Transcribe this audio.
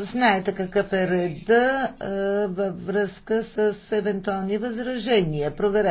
Знаете какъв е реда във връзка с евентуални възражения. Проверете